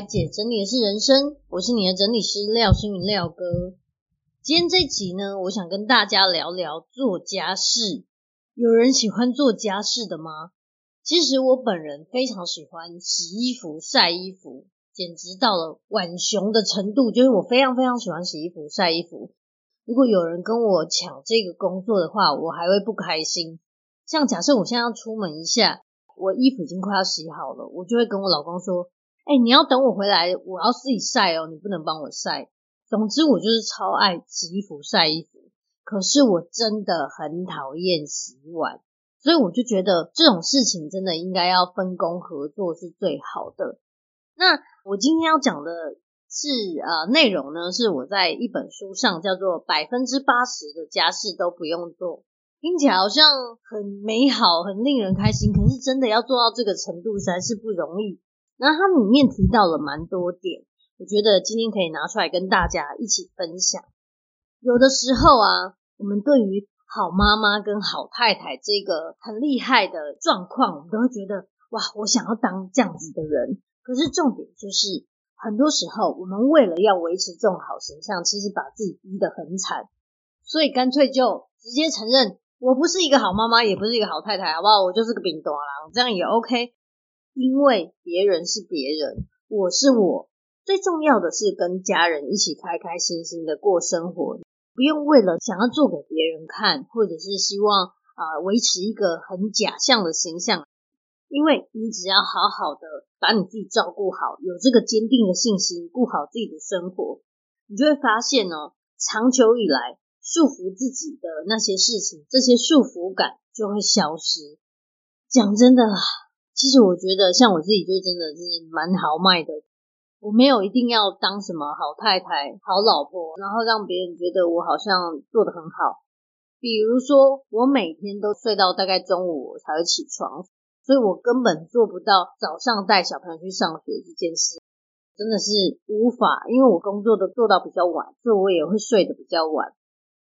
姐整理的是人生，我是你的整理師廖心筠，廖哥。今天這一集呢，我想跟大家聊聊做家事。有人喜歡做家事的嗎？其實我本人非常喜歡洗衣服、曬衣服，簡直到了浣熊的程度，就是我非常非常喜歡洗衣服、曬衣服。如果有人跟我搶這個工作的話，我還會不開心。像假設我現在要出門一下，我衣服已經快要洗好了，我就會跟我老公說。哎，你要等我回來，我要自己曬哦，你不能幫我曬。總之，我就是超愛洗衣服、曬衣服，可是我真的很討厭洗碗，所以我就覺得這種事情真的應該要分工合作是最好的。那我今天要講的是，呃，內容呢是我在一本書上叫做《百分之八十的家事都不用做》，聽起來好像很美好、很令人開心，可是真的要做到這個程度才是不容易。然後它裡面提到了蠻多點，我覺得今天可以拿出來跟大家一起分享。有的時候啊，我們對於好媽媽跟好太太這個很厲害的狀況，我們都會覺得哇，我想要當這樣子的人。可是重點就是，很多時候我們為了要維持這種好形象，其實把自己逼得很慘。所以乾脆就直接承認，我不是一個好媽媽，也不是一個好太太，好不好？我就是個冰朵啦，這樣也 OK。因為別人是別人，我是我。最重要的是跟家人一起開開心心的過生活，不用為了想要做給別人看，或者是希望啊，呃，維持一個很假象的形象。因為你只要好好的把你自己照顧好，有這個堅定的信心，顧好自己的生活，你就會發現呢，哦，長久以來束縛自己的那些事情，這些束縛感就會消失。講真的啊。其實我覺得，像我自己就真的是蠻豪邁的。我沒有一定要當什麼好太太、好老婆，然後讓別人覺得我好像做得很好。比如說，我每天都睡到大概中午才會起床，所以我根本做不到早上帶小朋友去上學這件事，真的是無法。因為我工作都做到比較晚，所以我也會睡得比較晚。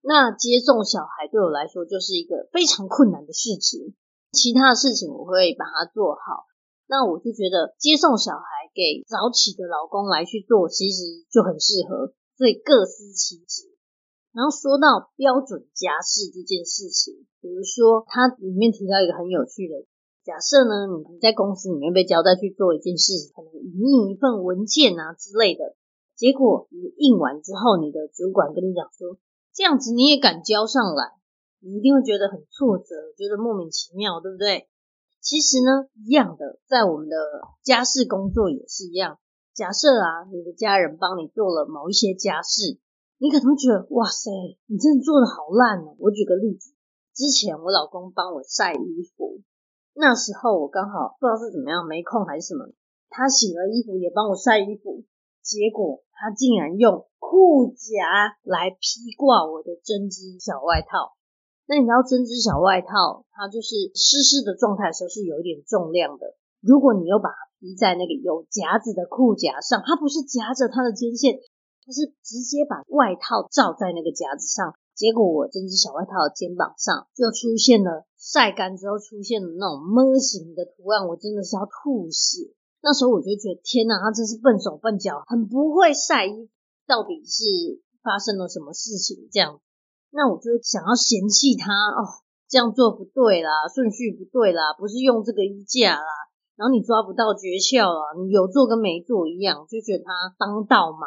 那接送小孩對我來說就是一個非常困難的事情。其他的事情我會把它做好，那我就覺得接送小孩給早起的老公來去做，其實就很適合，所以各司其職。然後說到標準家事這件事情，比如說它裡面提到一個很有趣的假設呢，你在公司裡面被交代去做一件事情，可能你印一份文件啊之類的，結果你印完之後，你的主管跟你講說，這樣子你也敢交上來？你一定會覺得很挫折，覺得莫名其妙，對不對？其實呢，一樣的，在我們的家事工作也是一樣。假設啊，你的家人幫你做了某一些家事，你可能會覺得，哇塞，你真的做得好爛哦。啊，我舉個例子，之前我老公幫我曬衣服，那時候我剛好不知道是怎麼樣，沒空還是什麼，他洗了衣服也幫我曬衣服，結果他竟然用褲夾來披掛我的針織小外套。那你知道針織小外套，它就是濕濕的狀態的時候是有一點重量的。如果你又把它披在那個有夾子的褲夾上，它不是夾着它的肩線，它是直接把外套罩在那個夾子上。結果我針織小外套的肩膀上就出現了曬乾之後出現的那種悶型的圖案，我真的是要吐血。那時候我就覺得天哪，他真是笨手笨腳，很不會曬衣服。到底是發生了什麼事情這樣子？那我就想要嫌棄他哦，這樣做不對啦，順序不對啦，不是用這個衣架啦，然後你抓不到訣竅啦，你有做跟沒做一樣，就覺得他幫倒忙，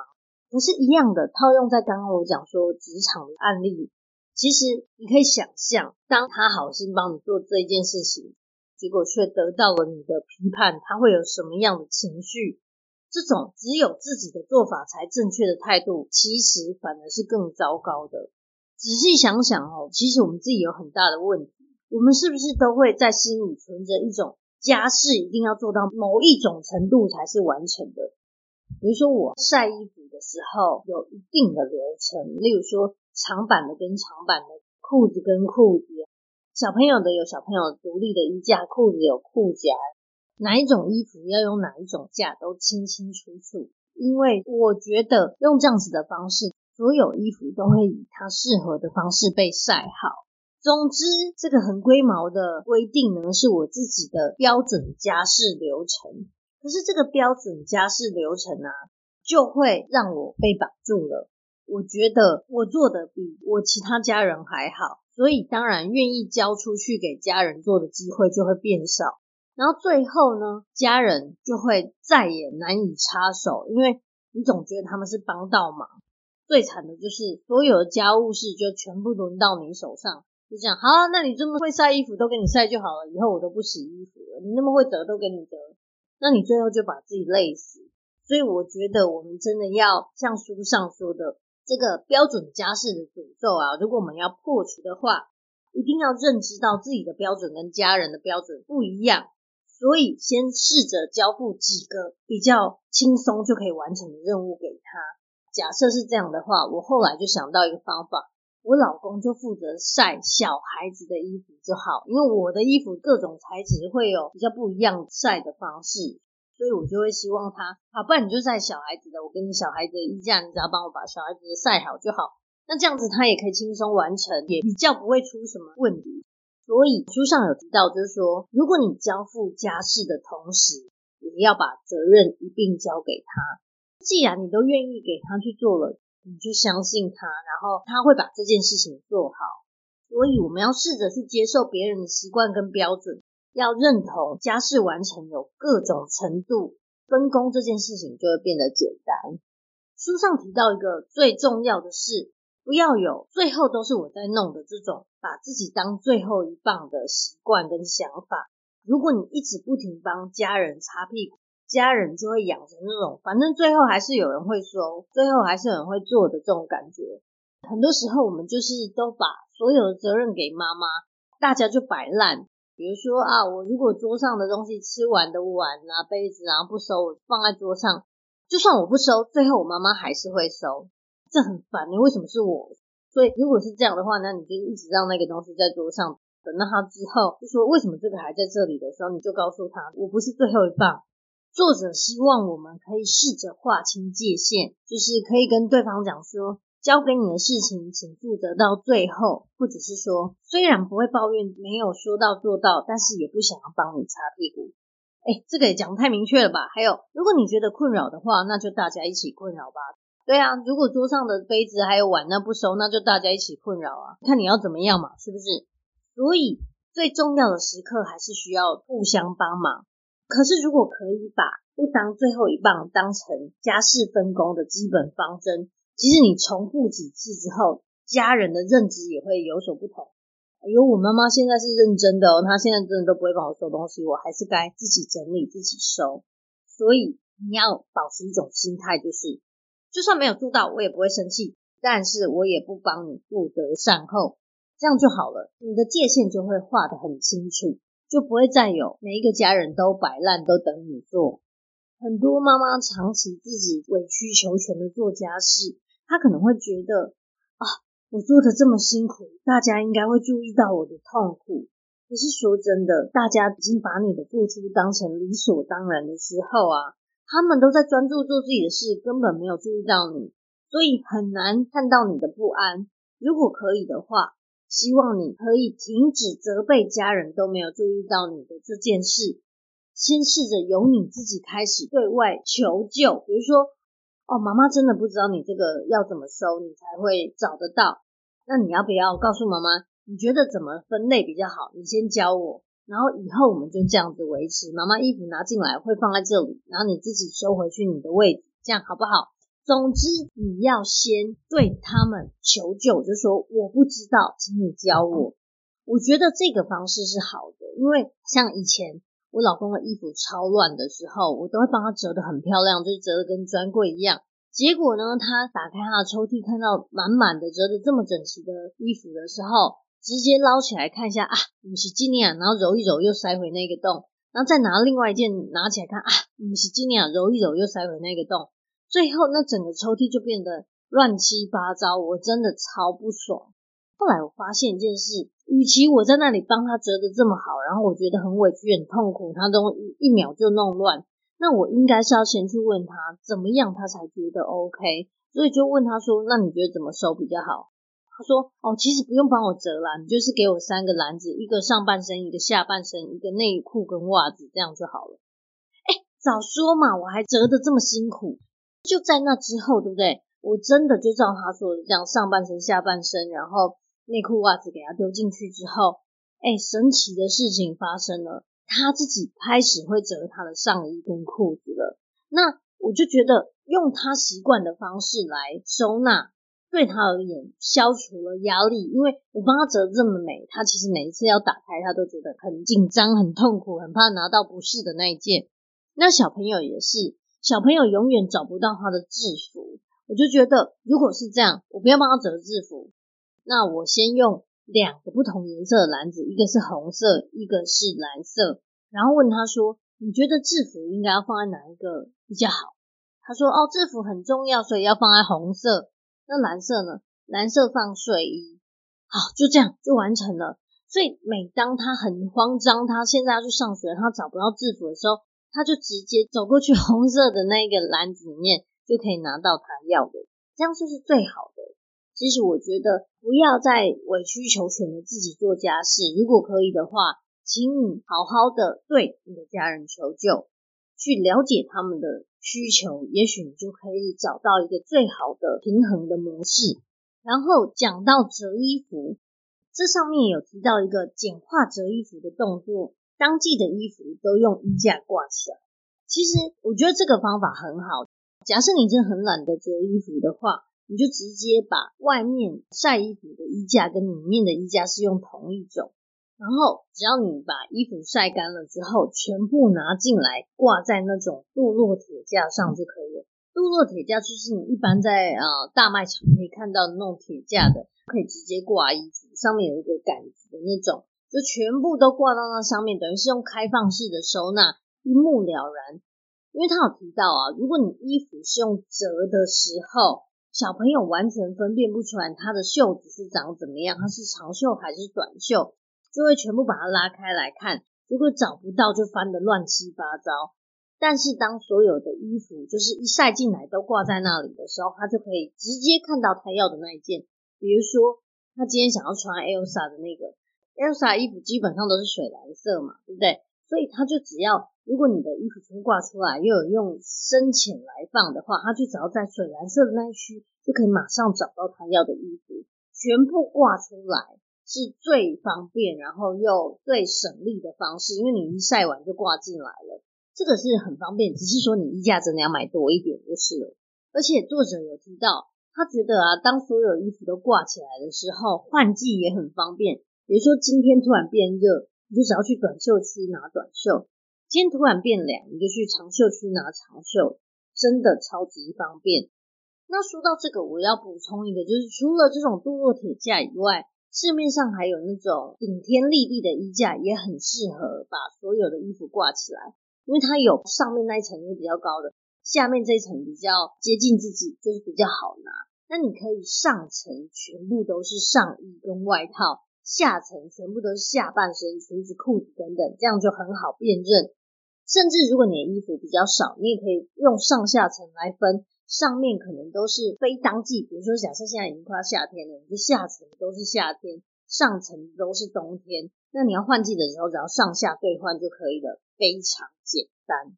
不是一樣的。套用在剛剛我講說職場的案例，其實你可以想象，當他好心幫你做這件事情，結果卻得到了你的批判，他會有什麼樣的情緒？這種只有自己的做法才正確的態度，其實反而是更糟糕的。仔細想想哦，其實我們自己有很大的問題。我們是不是都會在心裡存着一種家事一定要做到某一種程度才是完成的？比如說我曬衣服的時候有一定的流程，例如說長版的跟長版的，褲子跟褲子，小朋友的有小朋友獨立的衣架，褲子有褲夾，哪一種衣服要用哪一種架都清清楚楚。因為我覺得用這樣子的方式。所有衣服都會以它適合的方式被曬好。總之，這個很龜毛的規定呢，是我自己的標準家事流程。可是這個標準家事流程啊，就會讓我被綁住了。我覺得我做的比我其他家人還好，所以當然願意交出去給家人做的機會就會變少。然後最後呢，家人就會再也難以插手，因為你總覺得他們是幫倒忙。最慘的就是所有的家務事就全部輪到你手上，就這樣，好啊，那你這麼會曬衣服都給你曬就好了，以後我都不洗衣服了，你那麼會摺都給你摺，那你最後就把自己累死。所以我覺得我們真的要像書上說的，這個標準家事的詛咒啊，如果我們要破除的話，一定要認知到自己的標準跟家人的標準不一樣，所以先試着交付幾個比較輕鬆就可以完成的任務給他。假設是這樣的話，我後來就想到一個方法，我老公就負責曬小孩子的衣服就好，因為我的衣服各種材質會有比較不一樣曬的方式，所以我就會希望他，好不然你就曬小孩子的，我給你小孩子的衣架，你只要幫我把小孩子的曬好就好。那這樣子他也可以輕鬆完成，也比較不會出什麼問題。所以書上有提到，就是說，如果你交付家事的同時，也要把責任一併交給他。既然你都願意給他去做了，你去相信他，然後他會把這件事情做好。所以我們要試着去接受別人的習慣跟標準，要認同家事完成有各種程度，分工這件事情就會變得簡單。書上提到一個最重要的是，不要有最後都是我在弄的這種把自己當最後一棒的習慣跟想法。如果你一直不停幫家人擦屁股，家人就會養成那種，反正最後還是有人會收，最後還是有人會做的這種感覺。很多時候我們就是都把所有的責任給媽媽，大家就擺爛。比如說啊，我如果桌上的東西吃完的碗啊、杯子啊不收，我放在桌上，就算我不收，最後我媽媽還是會收，這很煩。你為什麼是我。所以如果是這樣的話，那你就一直讓那個東西在桌上，等到他之後就說，為什麼這個還在這裡的時候，你就告訴他，我不是最後一棒。作者希望我們可以試着劃清界限，就是可以跟對方講說，交給你的事情，請負責到最後。或者是說，雖然不會抱怨沒有說到做到，但是也不想要幫你擦屁股。哎，這個也講得太明確了吧？還有，如果你覺得困擾的話，那就大家一起困擾吧。對啊，如果桌上的杯子還有碗那不收，那就大家一起困擾啊。看你要怎麼樣嘛，是不是？所以最重要的時刻，還是需要互相幫忙。可是，如果可以把不當最後一棒當成家事分工的基本方針，其實你重複幾次之後，家人的認知也會有所不同。有、哎、我媽媽現在是認真的哦，她現在真的都不會幫我收東西，我還是該自己整理自己收。所以你要保持一種心態，就是就算沒有做到，我也不會生氣，但是我也不幫你負責善後，這樣就好了，你的界限就會畫得很清楚。就不會再有每一個家人都擺爛，都等你做。很多媽媽長期自己委曲求全的做家事，她可能會覺得啊，我做的這麼辛苦，大家應該會注意到我的痛苦。可是說真的，大家已經把你的付出當成理所當然的時候啊，他們都在專注做自己的事，根本沒有注意到你，所以很難看到你的不安。如果可以的話。希望你可以停止責備家人，都沒有注意到你的這件事。先試着由你自己開始對外求救，比如說，哦，媽媽真的不知道你這個要怎麼收，你才會找得到。那你要不要告訴媽媽，你覺得怎麼分類比較好？你先教我，然後以後我們就這樣子維持。媽媽衣服拿進來會放在這裡，然後你自己收回去你的位置，這樣好不好？總之，你要先對他們求救，就說我不知道，請你教我。我覺得這個方式是好的，因為像以前我老公的衣服超亂的時候，我都會幫他折得很漂亮，就是折得跟專櫃一樣。結果呢，他打開他的抽屜，看到滿滿的折得這麼整齊的衣服的時候，直接撈起來看一下啊，唔是這件啊，然後揉一揉又塞回那個洞，然後再拿另外一件拿起來看啊，唔是這件啊，揉一揉又塞回那個洞。最後，那整個抽屜就變得亂七八糟，我真的超不爽。後來我發現一件事，與其我在那裡幫他折得這麼好，然後我覺得很委屈、很痛苦，他都一秒就弄亂，那我應該是要先去問他怎麼樣，他才覺得 OK。所以就問他說：“那你覺得怎麼收比較好？”他說：“哦，其實不用幫我折啦，你就是給我三個籃子，一個上半身，一個下半身，一個內褲跟襪子，這樣就好了。”欸哎，早說嘛，我還折得這麼辛苦。就在那之後，對不對？我真的就照他說的，這樣上半身、下半身，然後內褲、襪子給他丟進去之後，哎、欸，神奇的事情發生了，他自己開始會折他的上衣跟褲子了。那我就覺得，用他習慣的方式來收納，對他而言，消除了壓力，因為我幫他折這麼美，他其實每一次要打開，他都覺得很緊張、很痛苦、很怕拿到不是的那一件。那小朋友也是。小朋友永遠找不到他的制服，我就覺得如果是這樣，我不要幫他找制服，那我先用兩個不同顏色的籃子，一個是紅色，一個是藍色，然後問他說：“你覺得制服應該要放在哪一個比較好？”他說：“哦，制服很重要，所以要放在紅色。那藍色呢？藍色放睡衣。好，就這樣就完成了。所以每當他很慌張，他現在要去上學，他找不到制服的時候。”他就直接走過去，紅色的那個籃子裡面就可以拿到他要的，這樣就是最好的。其實我覺得不要再委曲求全的自己做家事，如果可以的話，請你好好的對你的家人求救，去了解他們的需求，也許你就可以找到一個最好的平衡的模式。然後講到折衣服，這上面有提到一個簡化折衣服的動作。當季的衣服都用衣架掛起來，其實我覺得這個方法很好。假設你真的很懶得折衣服的話，你就直接把外面曬衣服的衣架跟裡面的衣架是用同一種，然後只要你把衣服曬乾了之後，全部拿進來掛在那種鍍鉻鐵架上就可以了。鍍鉻鐵架就是你一般在呃大賣場可以看到的那種鐵架的，可以直接掛衣服，上面有一個桿子的那種。就全部都掛到那上面，等於是用開放式的收納，一目了然。因為他有提到啊，如果你衣服是用折的時候，小朋友完全分辨不出來他的袖子是長怎麼樣，他是長袖還是短袖，就會全部把它拉開來看。如果找不到，就翻得亂七八糟。但是當所有的衣服就是一曬進來都掛在那裡的時候，他就可以直接看到他要的那一件。比如說他今天想要穿 Elsa 的那個。Elsa 衣服基本上都是水藍色嘛，對不對？所以他就只要，如果你的衣服全部掛出來，又有用深淺來放的話，他就只要在水藍色的那一區就可以馬上找到他要的衣服，全部掛出來是最方便，然後又最省力的方式。因為你一曬完就掛進來了，這個是很方便。只是說你衣架真的要買多一點就是了。而且作者有提到，他覺得啊，當所有衣服都掛起來的時候，換季也很方便。比如說今天突然變熱，你就想要去短袖區拿短袖；今天突然變涼，你就去長袖區拿長袖，真的超級方便。那說到這個，我要補充一個，就是除了這種鍍鉻鐵架以外，市面上還有那種頂天立地的衣架，也很適合把所有的衣服掛起來，因為它有上面那層是比較高的，下面這一層比較接近自己，就是比較好拿。那你可以上層全部都是上衣跟外套。下層全部都是下半身，裙子、褲子等等，這樣就很好辨認。甚至如果你的衣服比較少，你也可以用上下層來分，上面可能都是非當季，比如說假設現在已經快要夏天了，你就下層都是夏天，上層都是冬天，那你要換季的時候，只要上下對換就可以了，非常簡單。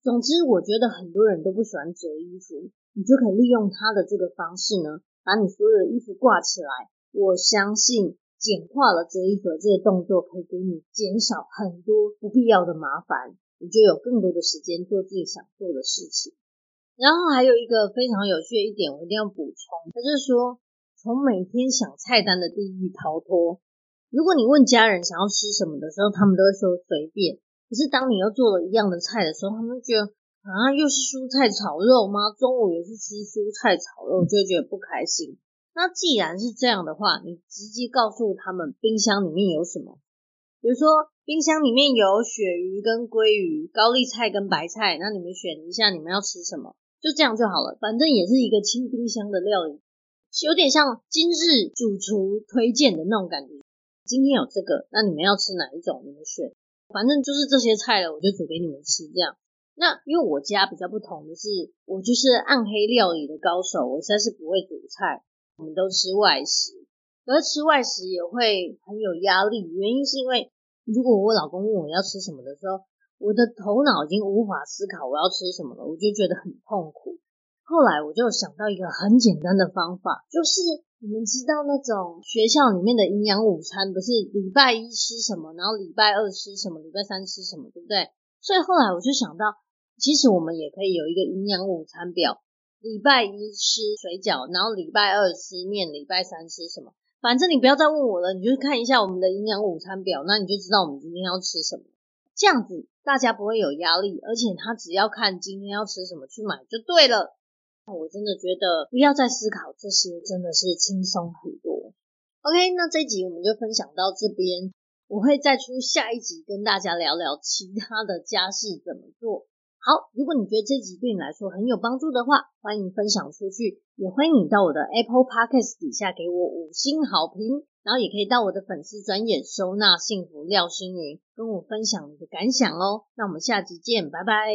總之，我覺得很多人都不喜歡折衣服，你就可以利用它的這個方式呢，把你所有的衣服掛起來。我相信。簡化了折衣服的這些動作，可以給你減少很多不必要的麻煩，你就有更多的時間做自己想做的事情。然後還有一個非常有趣的一點，我一定要補充，就是說從每天想菜單的地獄逃脫。如果你問家人想要吃什麼的時候，他們都會說隨便。可是當你要做了一樣的菜的時候，他們覺得啊，又是蔬菜炒肉嗎？中午也是吃蔬菜炒肉，就會覺得不開心。那既然是這樣的話，你直接告訴他們冰箱裡面有什麼，比如說冰箱裡面有鱈魚跟鮭魚、高麗菜跟白菜，那你們選一下你們要吃什麼，就這樣就好了。反正也是一個清冰箱的料理，有點像今日主廚推薦的那種感覺。今天有這個，那你們要吃哪一種？你們選，反正就是這些菜了，我就煮給你們吃。這樣，那因為我家比較不同的是，我就是暗黑料理的高手，我實在是不會煮菜。我們都吃外食，而吃外食也會很有壓力。原因是因為，如果我老公問我要吃什麼的時候，我的頭腦已經無法思考我要吃什麼了，我就覺得很痛苦。後來我就想到一個很簡單的方法，就是你們知道那種學校裡面的營養午餐不是禮拜一吃什麼，然後禮拜二吃什麼，禮拜三吃什麼，對不對？所以後來我就想到，其實我們也可以有一個營養午餐表。禮拜一吃水餃，然後禮拜二吃麵，禮拜三吃什麼？反正你不要再問我了，你就看一下我們的營養午餐表，那你就知道我們今天要吃什麼。這樣子大家不會有壓力，而且他只要看今天要吃什麼去買就對了。那我真的覺得不要再思考這些，真的是輕鬆很多。OK，那這一集我們就分享到這邊，我會再出下一集跟大家聊聊其他的家事怎麼做。好，如果你覺得這集對你來說很有幫助的話，歡迎分享出去，也歡迎你到我的 Apple Podcast 底下給我五星好評，然後也可以到我的粉絲專頁收納幸福廖心筠，跟我分享你的感想哦。那我們下集見，拜拜。